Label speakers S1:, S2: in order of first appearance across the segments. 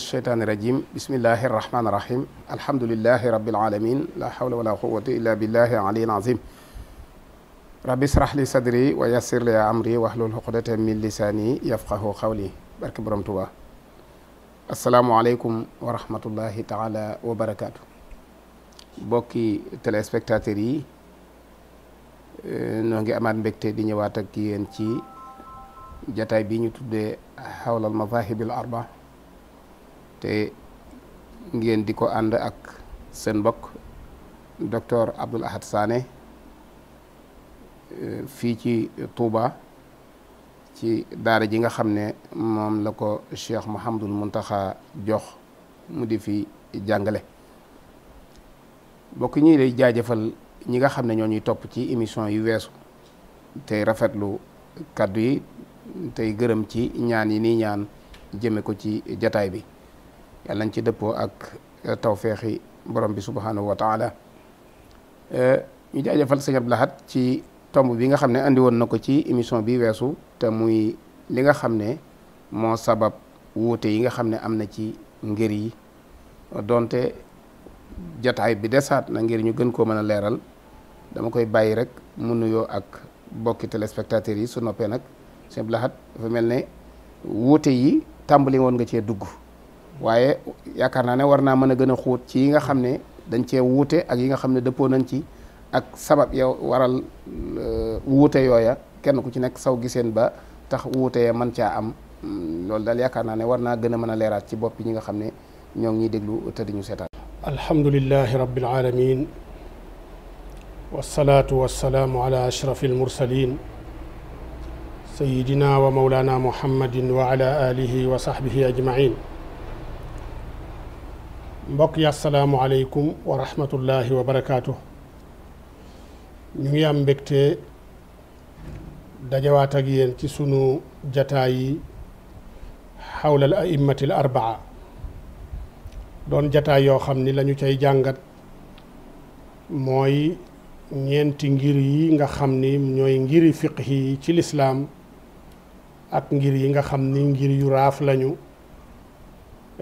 S1: alsheytaani irajim bismillahi irrahmani irrahim alhamdulilahi rabilalamin la hawla wala quwata illa billahi aliyil azim rabbi israh li sadri wa yassir li amri wahlul uqdatan min lisani yafqahu qawli barke borom Tuubaa asalaamualeykum wa rahmatullahi taala wa barakaatu bokki téléspectateurs yi noo ngi amaat mbégte di ñëwaat ak yéen ci jataay bi ñu tuddee xawlal madahibil arba te ngeen di ko ànd ak seen mbokk docteur Abdoul Ahad Sané euh, fii ci tuuba ci daara ji nga xam ne moom la ko Cheikh Mouhamadul Mountakha jox mu di fi jàngale mbokk ñi lay jaajëfal ñi nga xam ne ñoo ñuy topp ci émission yu weesu tey rafetlu kàddu yi tey gërëm ci ñaan yi nii ñaan jëme ko ci jataay bi yàlla nañ ci dëppoo ak eh, tawféexi borom bi subhanahu wa taala eh, ñu jaajëfal sëñ Abdou Lahad ci tomb bi nga xam ne andi woon na ko ci émission bi weesu te muy li nga xam ne moo sabab wuute yi nga xam ne am na ci ngir yi donte jataay bi desaat na ngir ñu gën koo mën a leeral dama koy bàyyi rek mu nuyoo ak bokki téléspectateurs yi su noppee nag sëñ Abdou Lahad dafa mel ne wuute yi tàmbali woon nga cee dugg waaye yaakaar naa ne war naa mën a gën a xóot ci yi nga xam ne dañ cee wuute ak yi nga xam ne dëppoo nañ ci ak sabab yow waral euh, wuute yooya kenn ku ci nekk saw giseen ba tax wuute ya mën caa am mm, loolu daal yaakaar naa ne war naa gën a mën a leeraat ci bopp ñi nga xam ne ñoo ngi ñuy déglu te di ñu seetaan.
S2: alhamdulilahi rabbil aalamiin wasalaatu wasalaamu ala ashrafi almursalin sayidina wa maulana muhammadin wa ala alihi wa sahbihi ajmain mbokk yi asalaamualeykum wa rahmatullahi wa barakaatu ñu ngi am mbégte dajawaat ak ci sunu jataay yi xawla al arbaa doon jataay yoo xam ni lañu cay jàngat mooy ñeenti ngir yi nga xam ni ñooy ngiri fiqh yi ci lislaam ak ngir yi nga xam ni ngir yu raaf lañu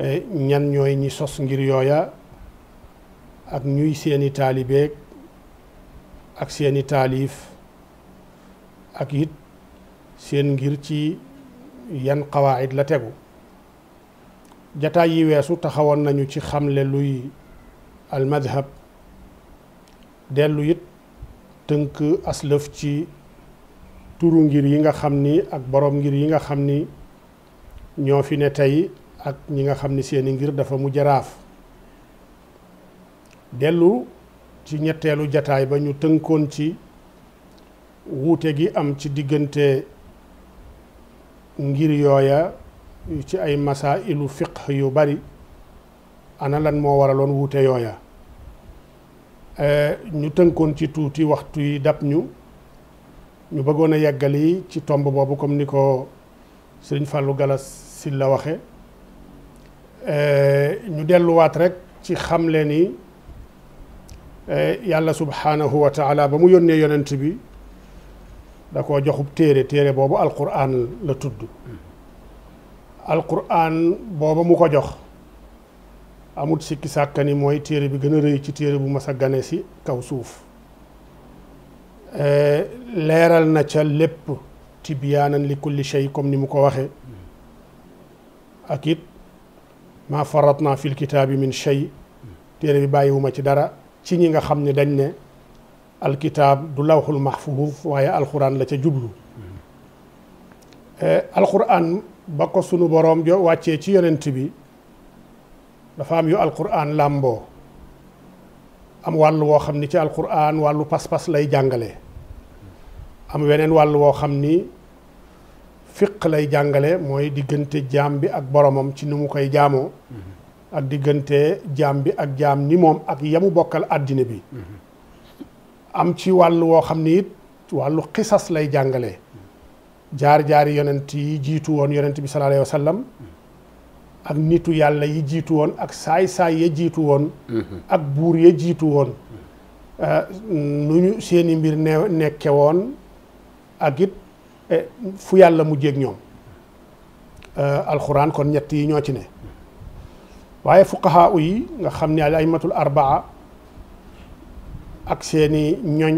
S2: Eh, ñan ñooy ñi sos ngir yooya ak ñuy seeni taalibeeg ak seeni taalif ak it seen ngir ci yan xawaayit la tegu jataay yi weesu taxawoon nañu ci xamle luy almadhab dellu yit tënk aslëf ci turu ngir yi nga xam ni ak borom ngir yi nga xam ni ñoo fi ne tey ak ñi nga xam ni seeni ngir dafa mu jaraaf dellu ci ñetteelu jataay ba ñu tënkoon ci wuute gi am ci diggante ngir yooya ci ay masailu fiqh yu bari analan moo waraloon wuute yooya e, ñu tënkoon ci tuuti waxtu yi dab ñu ñu bëggoon a yeggali ci tomb boobu comme ni ko sëriñ Fallou Galas si la waxe Eh, ñu delluwaat rek ci xam le ni eh, yàlla subhanahu wa taala ba mu yónnee yonent bi da koo joxub téere téere boobu alquran la tudd alquran booba mu ko jox amut sikki sàkka mooy téere bi gën a rëy ci téere bu mas a gane si kaw suuf eh, leeral na ca lépp tibyaanan li kulli shay comme ni mu ko waxe ak maa faratna fil kitaabi min shay téere bi bàyyiwuma ci dara ci ñi nga xam ne dañ ne alkitaab du lawxul mahfuuf waaye alxuraan la ca jublu eh, alxuraan ba ko sunu boroom jo wàccee ci yonent bi dafa am yu alxuraan làmboo am wàll woo xam ni ci alxuraan wàllu pas-pas lay jàngale am weneen wàll woo xam ni fiq lay jàngale mooy diggante jaam bi ak boromam ci ni mu koy jaamoo
S3: mm-hmm.
S2: ak diggante jaam bi ak jaam ni moom ak yamu bokkal àddina bi mm-hmm. am ci wàll woo xam ni it wàllu xisas lay jàngale mm-hmm. jaar-jaari yonent yi jiitu woon yonent bi sallallahu alayhi wa ak nitu yàlla yi jiitu woon ak saay-saay ya jiitu woon ak buur ya jiitu woon uh, nu ñu seeni mbir ne nekke woon ak it Eh, fu yàlla mujjee ak ñoom eh, alxuraan kon ñett yi ñoo ci ne waaye fuqahaa yi nga xam ne ay aymatul arbaa ak seeni ñoñ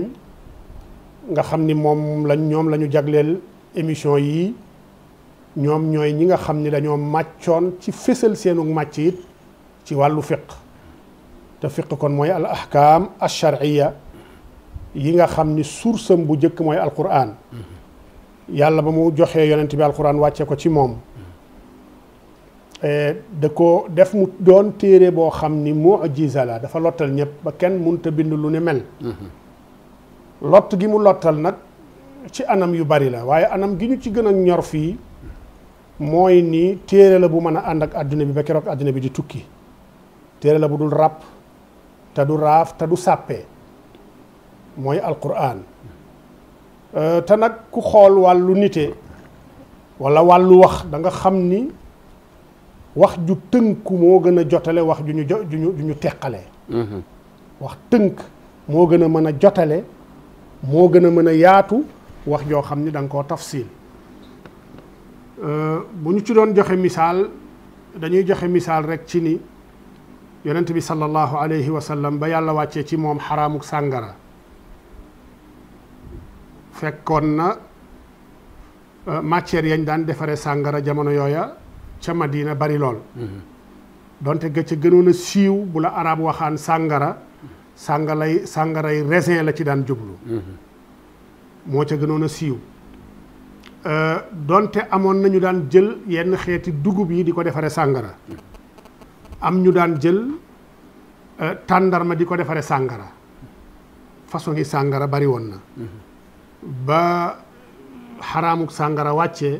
S2: nga xam ni moom lañ ñoom la ñu jagleel émission yi ñoom ñooy ñi nga xam ni dañoo màccoon ci fésal seenu màcc it ci wàllu fiq te fiq kon mooy al ahkaam al sharciya yi nga xam ni sursam bu njëkk mooy alquran mm-hmm. yàlla ba mu joxee yonent bi alxuraan wàcce ko ci moom eh, da ko def mu doon téere boo xam ni moo la dafa lottal ñëpp ba kenn mënta bind lu ne mel mm-hmm. lott gi mu lottal nag ci anam yu bari la waaye anam gi ñu ci gën a ñor fii mooy nii téere la bu mën a ànd ak àdduna bi ba keroog àdduna bi di tukki téere la bu dul ràpp te du raaf te du sàppe mooy alquran Euh, te nag ku xool wàllu nite walla wàllu wax danga xam ni wax ju tënku moo gën a jotale wax ju ñu jo ju ñu ju ñu teqale mm-hmm. wax tënk moo gën a mën a jotale moo gën a mën a yaatu wax joo xam ni danga nga koo tafsil euh, bu ñu ci doon joxe misaal dañuy joxe misaal rek ci ni yonent bi sallallahu alayhi wa sallam ba yàlla wàccee ci moom xaraamuk sàngara fekkoon na euh, matière yañ daan defare sàngara jamono yooya ca Madina bari lool mm-hmm. donte ga ca gënoon siiw bu la arab waxaan sàngara sàngalay sàngaray raisin la ci daan jublu mm-hmm. moo ca gënoon a siiw euh, donte amoon nañu daan jël yenn xeeti dugub yi di ko defare sàngara mm-hmm. am ñu daan jël euh, tàndarma di ko defare sàngara façon yi sàngara bari woon na ba xaraamuk sàngara wàcce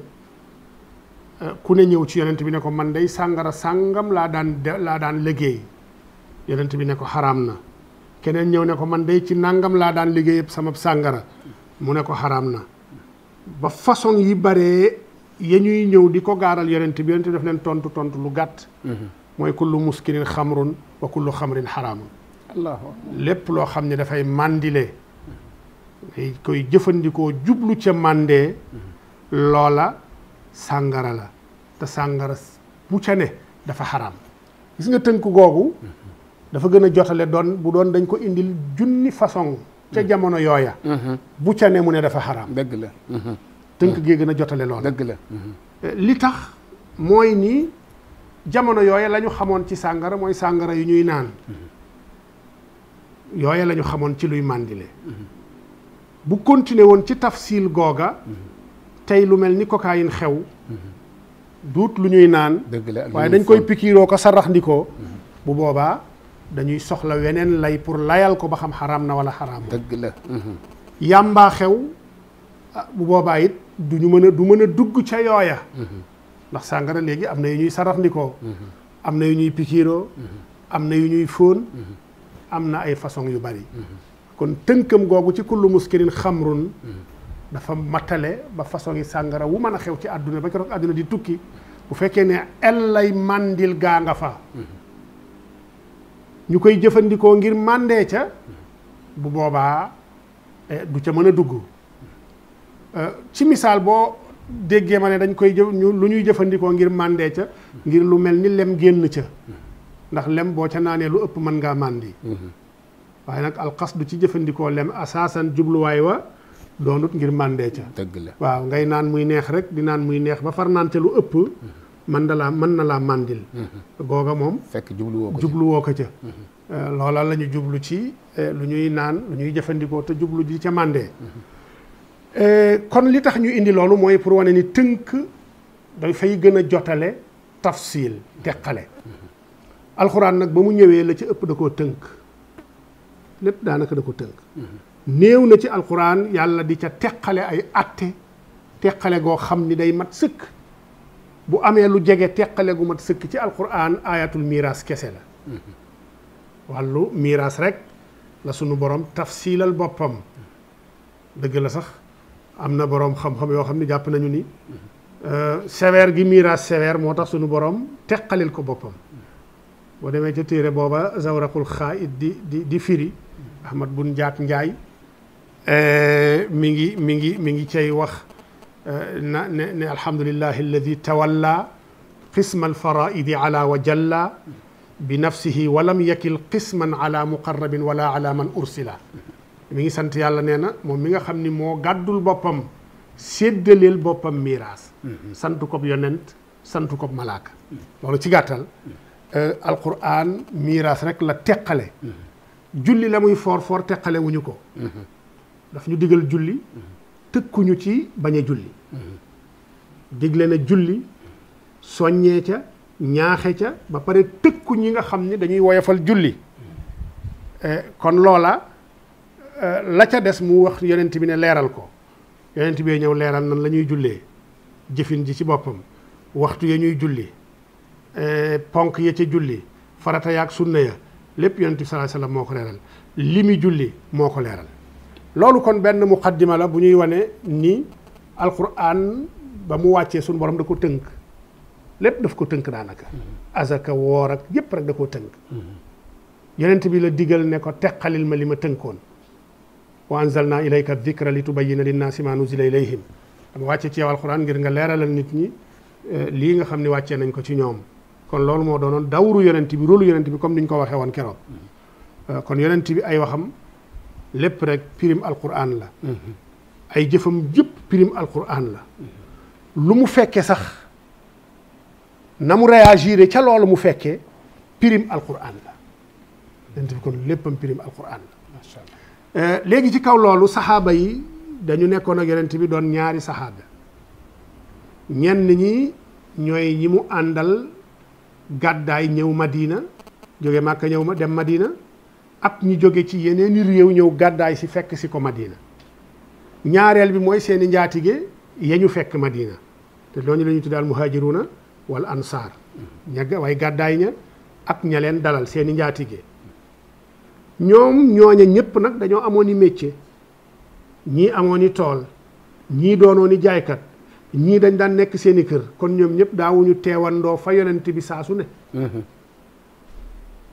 S2: eh, ku ne ñëw ci yonent bi ne ko man day sàngara sàngam laa daan laa daan liggéey yonent bi ne ko xaraam na keneen ñëw ne ko man day ci nàngam laa daan liggéey yëpp sama sàngara mu ne ko xaram na ba façon yi baree ya ñuy ñëw di ko gaaral yonent bi yonent bi daf leen tontu tontu lu gàtt mm-hmm. mooy kullu muskirin xamrun wa kullu xamrin xaraamun lépp loo xam ne dafay màndile koy jëfandikoo jublu ca màndee loola sàngara la te sàngara bu ca ne dafa xaram gis nga tënk googu dafa gën a jotale doon bu doon dañ ko indil junni façon ca jamono yooya bu ca ne mu ne dafa xaraam dëgg tënk gee gën a jotale loola dëgg li tax mooy ni jamono yooya lañu xamoon ci sàngara mooy sàngara yu ñuy naan yooya lañu xamoon ci luy màndile bu continuer woon ci tafsil googa tey lu mel ni cocaïne xew duut lu ñuy naan waaye dañ koy pikiiroo ko saraxndikoo bu boobaa dañuy soxla weneen lay pour layal ko ba xam xaraam na wala xaraam dëgg la yàmbaa xew ah, bu boobaa it du ñu mën a du mën a dugg ca yooya ndax sàngara léegi am na yu ñuy saraxndikoo am na yu ñuy pikiiroo am na yu ñuy fóon am na ay façon yu bari kon tënkam googu ci kullu muskirin xamrun dafa matale ba façon yi sàngara wu mën a xew ci àdduna ba keroog àdduna di tukki bu fekkee ne ellay màndil gaa nga fa ñu koy jëfandikoo ngir màndee ca bu boobaa eh, du ca mën a dugg eh, ci misaal boo déggee ma ne dañ koy jëf ñu lu ñuy jëfandikoo ngir màndee ca ngir lu mel ni lem génn ca ndax lem boo ca naanee lu ëpp mën ngaa màndi waaye nag alxasdu ci jëfandikoo lem asaasan jubluwaay wa doonut ngir màndee ca dëgg la waaw ngay naan muy neex rek di naan muy neex ba far naan ca lu ëpp man mm-hmm. na laa mën na laa màndil mm-hmm. googa moom
S1: fekk jubluwoo ko
S2: jubluwoo ko ca mm-hmm. eh, loola la jublu ci eh, lu ñuy naan lu ñuy jëfandikoo te jublu ji ca màndee eh, kon li tax ñu indi loolu mooy pour wane ni tënk dafay gën a jotale tafsil teqale alxuraan nag ba mu ñëwee la ci ëpp da koo tënk lépp daanaka da ko tënk néew na ci alxuraan yàlla di ca teqale ay atte teqale goo xam ni day mat sëkk bu amee lu jege teqale gu mat sëkk ci alxuraan ayatul miiraas kese la wàllu miiraas rek la sunu borom tafsiilal boppam dëgg la sax am na borom xam-xam yoo xam ne jàpp nañu ni euh, sévère gi miiraas sévère moo tax sunu borom teqaleel ko boppam boo demee ca téere booba zawraqul xaayit di di di firi ahmad bun njaat njaay eh, mi ngi mi ngi mi ngi cay wax eh, na ne ne alhamdulillahi alladi tawalla qisma alfaraidi ala wa jalla bi nafsihi wala yakil qisman ala muqarrabin wala ala man ursila mi ngi sant yàlla nee na moom mi nga xam ni moo gàddul boppam séddaleel boppam miiraas mm-hmm. sant ko sant ko malaaka loolu ci gàttal Euh, alquran miiras rek la teqale mhm. julli la muy foor foor teqale wuñu ko mhm. daf ñu digal julli mhm. tëkkuñu ci bañ julli digle na julli soññee ca ñaaxe ca ba pare tëkku ñi nga xam ni dañuy woyofal julli euh, kon loola euh, la ca des mu wax yonent bi ne leeral ko yonent bi ñëw leeral nan lañuy ñuy jullee jëfin ji ci boppam waxtu ya ñuy julli Eh, ponk ya ca julli farata yaak sunna ya lépp yonent bi moo ko leeral li mi julli moo ko leeral loolu kon benn muqaddima la bu ñuy wane ni alquran ba mu wàccee suñu borom da ko tënk lépp daf ko tënk daanaka azaka woor ak yépp rek da koo tënk yonent bi la digal ne ko teqalil ma li ma tënkoon wa anzalna ilayka dikra li tubayyina linnaasi ma nuzila ilayhim dama wàcce ci yow alquran ngir nga leeralal nit ñi eh, lii nga xam ne wàccee nañ ko ci ñoom kon loolu moo doonoon dawru yonent bi rôlu yonent bi comme ni ñu ko waxee woon keroog mm-hmm. euh, kon yonent bi ay waxam lépp rek pirim alquran la mm-hmm. ay jëfam jëpp pirim alquran la mm-hmm. lu mu fekkee sax na mu réagir ca loolu mu fekkee pirim alquran la yonent bi kon la euh, léegi ci kaw loolu saxaaba yi dañu nekkoon ak yonent bi doon ñaari saxaaba ñenn ñi ñooy ñi mu àndal gàddaay ñëw ma diina jóge Màkka ñëw ma dem Madina ak ñu jóge ci yeneeni réew ñëw gàddaay si fekk si ko Madina ñaareel bi mooy seeni njaatige ya ñu fekk Madina te loolu daal ñu tuddaal na wal ansaar ña way gàddaay ña ak ña leen dalal seeni njaatige ñoom ñooña ñëpp nag dañoo amoon yi métier ñii amoon i tool ñii doonoon i jaaykat ñii dañ daan nekk seeni kër kon ñoom ñëpp daawuñu teewandoo fa yonent bi saasu su ne mhm.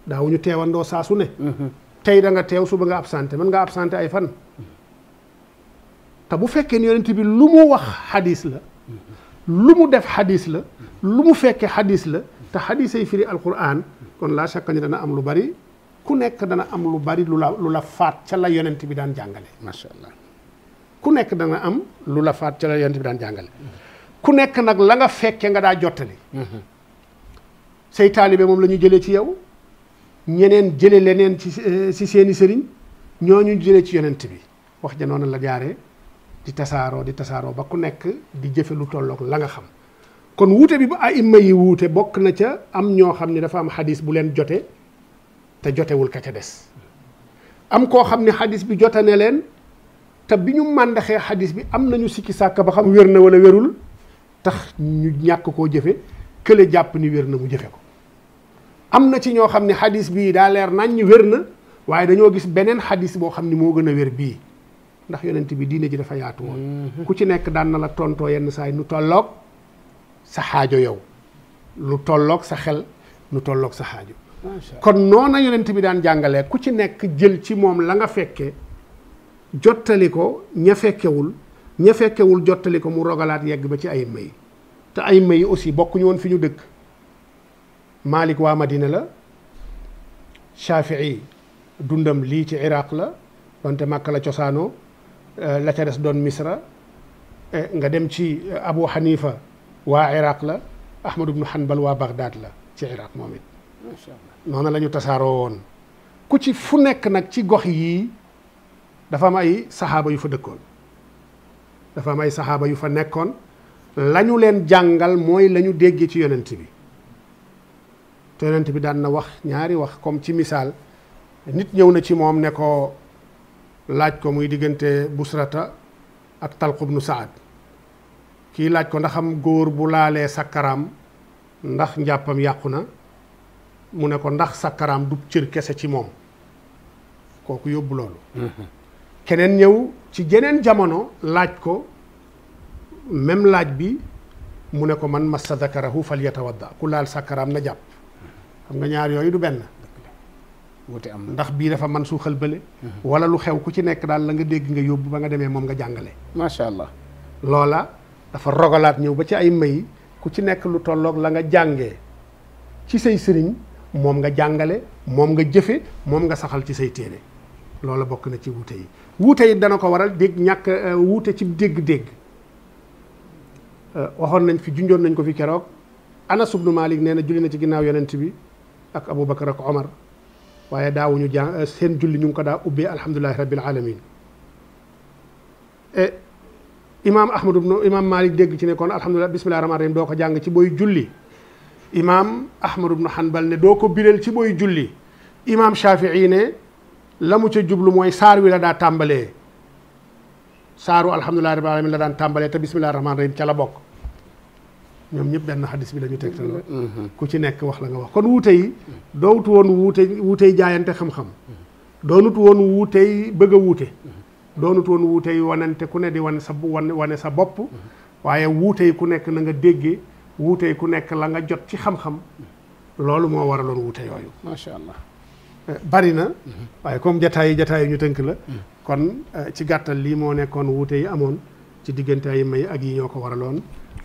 S2: daawuñu teewandoo saasu ne mhm. tey da nga su ba nga absenté man nga absenté ay fan te bu fekkee ni yonent bi lu mu wax xadis la lu mu def xadis la lu mu fekkee xadis la te xadis ay firi alquran kon laa shakka dana am lu bari ku nekk dana am lu bari lu la lu la faat ca la yonent bi daan jàngale macha allah ku nekk danga am lu la faat ci la yonent bi daan jàngale ku nekk nag la nga fekke nga daa jottali mhm. say taalibe moom la ñu jëlee ci yow ñeneen jële leneen ci si eh, seeni sëriñ ñooñu jëlee ci yonent bi wax ja noonu la jaare di tasaaroo di tasaaroo ba ku nekk di jëfe lu tolloog la nga xam kon wuute bi bu aimma yi wuute bokk na ca am ñoo xam ni dafa am xadis bu leen jote te jotewul ka ca des am koo xam ne xadis bi jotane leen te bi ñu màndaxee xadis bi am nañu sikki sàkk ba xam wér na wala wérul tax ñu ñàkk koo jëfe kële jàpp ni wér na mu jëfe ko am na ci ñoo xam ne xadis bii daa leer nañ ñi wér na waaye dañoo gis beneen xadis boo xam ni moo gën a wér bii ndax yonent bi diine ji dafa yaatu woon mm-hmm. ku ci nekk daan na la tontoo yenn saa yi nu tolloog sa xaajo yow lu tollook sa xel nu tollook sa xaajo kon noona yonent bi daan jàngalee ku ci nekk jël ci moom la nga fekkee jottali ko ña fekkewul ña fekkewul jottali ko mu rogalaat yegg ba ci ay may te ay may aussi bokkuñu woon fi ñu dëkk Malik waa Madina la Shafii dundam lii ci Iraq la wante Makka la cosaanoo eh, la ca des doon Misra eh, nga dem ci eh, Abu Hanifa waa Iraq la Ahmad ibnu Hanbal waa Baghdad la ci Iraq moom it noonu la tasaaroo woon ku ci fu nekk nag ci gox yii dafa am ay saxaaba yu fa dëkkoon dafa am ay saxaaba yu fa nekkoon lañu leen jàngal mooy lañu déggee ci yonent bi te yonent bi daan na wax ñaari wax comme ci misaal nit ñëw na ci moom ne ko laaj ko muy diggante busrata ak talqub nu saad kii laaj ko ndax am góor bu laalee sakkaraam ndax njàppam yàqu na mu ne ko ndax sakkaraam du cër kese ci moom kooku yóbbu loolu mm-hmm. keneen ñëw ci geneen jamono laaj ko même laaj bi mu ne ko man massa dakarahu fal yatawadda ku laal sàkkaraam na jàpp xam nga ñaar yooyu du benn wute am ndax bii dafa man suuxal bële mhm. wala lu xew ku ci nekk daal la nga dégg nga yóbbu ba nga demee moom nga jàngale macha allah loola dafa rogalaat ñëw ba ci ay may ku ci nekk lu tollook la nga jàngee ci say sëriñ moom nga jàngale moom nga jëfe moom nga saxal ci say téere loola bokk na ci wute yi wuute yi dana ko waral dégg ñàkk euh, wuute ci dégg-dégg euh, waxoon nañ fi junjoon nañ ko fi keroog Anas ibnu Malik nee na julli na ci ginnaaw yonent bi ak Aboubacar ak Omar waaye daawuñu jàng euh, seen julli ñu ngi ko daa ubbee alhamdulilahi rabbil alamin imaam Ahmad ibnu imaam Malik dégg ci ne kon alhamdulilah bismillahi rahmaani rahim doo ko jàng ci booy julli imaam Ahmad ibnu Hanbal ne doo ko biral ci booy julli imaam Shafii ne la mu ca jublu mooy saar wi la daa tàmbalee saaru alhamdulillahi rabbil alamin la daan tàmbalee te bismillahi rahmaani rahim ca la bokk ñoom ñëpp benn xadis bi la ñu tegtal mm-hmm. ku ci nekk wax la nga wax kon wuute yi doowut woon wuute jaayante xam-xam woon wuutey bëgg a wuute mm-hmm. doonut woon wanante ku ne di wane sa wane wane sa bopp mm-hmm. waaye wuutey ku nekk na nga déggee wuutey ku nekk la nga jot ci xam-xam loolu moo waraloon wuute yooyu macha allah bari na mm-hmm. waaye comme jataay yi jataay yi ñu tënk la mm. kon euh, ci gàttal lii moo nekkoon wuute yi amoon ci diggante ay may ak yi ñoo ko waraloon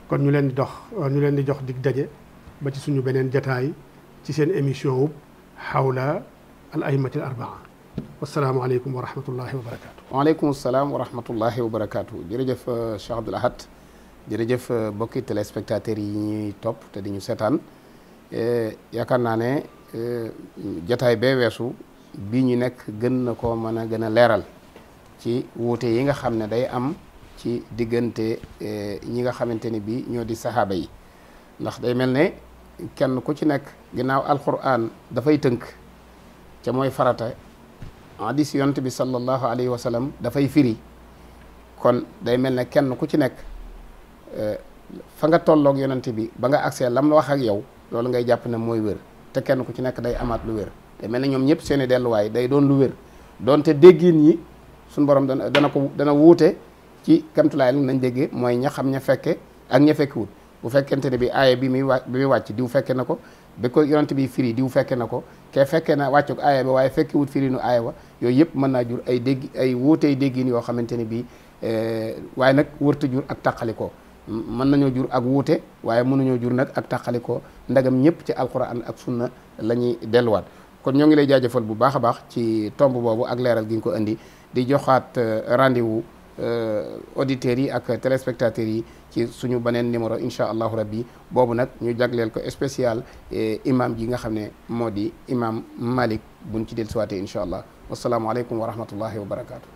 S2: kon ñu leen di dox euh, ñu leen di jox dig daje ba ci suñu beneen jataay ci seen émission wub xawla al aimati al arbaa wasalaamaaleykum wa rahmatullahi wa barakaatu
S1: waaleykum salaam wa rahmatullahi wa barakaatu jërëjëf euh, Cheikh Abdoul jërëjëf mbokki téléspectateurs yi ñuy topp te di ñu seetaan yaakaar naa ne jataay bee weesu bii ñu nekk gën na koo mën a gën a leeral ci wuute yi nga xam ne day am ci diggante eh, ñi nga xamante ni bii ñoo di saxaaba yi ndax day mel ne kenn ku ci nekk ginnaaw alquran dafay tënk ca mooy farata hadis yonent bi sallallahu alayhi wa dafay firi kon day mel ne kenn ku ci nekk eh, fa nga tolloog yonent bi ba nga agsee lam wax ak yow loolu ngay jàpp ne mooy wér te kenn ku ci nekk day amaat lu wér te mel na ñoom ñëpp seen i delluwaay day doon lu wér doonte déggin yi suñu borom dana dana ko dana wuute ci kamtulaay nañ déggee mooy ña xam ña fekke ak ña fekkiwut bu fekkente ne bi aaya bi muy bi muy wàcc diw fekke na ko bi ko yonent bi firi diw fekke na ko ke fekke na wàccuk aaya ba waaye fekkiwut firi nu aaya yooyu yëpp mën naa jur ay dégg ay wuutey déggin yoo xamante ne bii eh, waaye nag wërta jur ak ko mën nañoo jur ak wuute waaye mënuñoo jur nag ak ko ndagam ñëpp ci alquran ak sunna la ñuy delluwaat kon ñoo ngi lay jaajëfal bu baax a baax ci tomb boobu ak leeral gi nga ko indi di joxaat euh, rendez-vous euh, auditeurs yi ak téléspectateurs yi ci suñu beneen numéro incha allahu rabbi boobu nag ñu jagleel ko spécial euh, imaam ji nga xam ne moo di imaam Malik buñ ci dellusiwaatee incha allah wasalaamualeykum wa rahmatullahi wa barakaatu.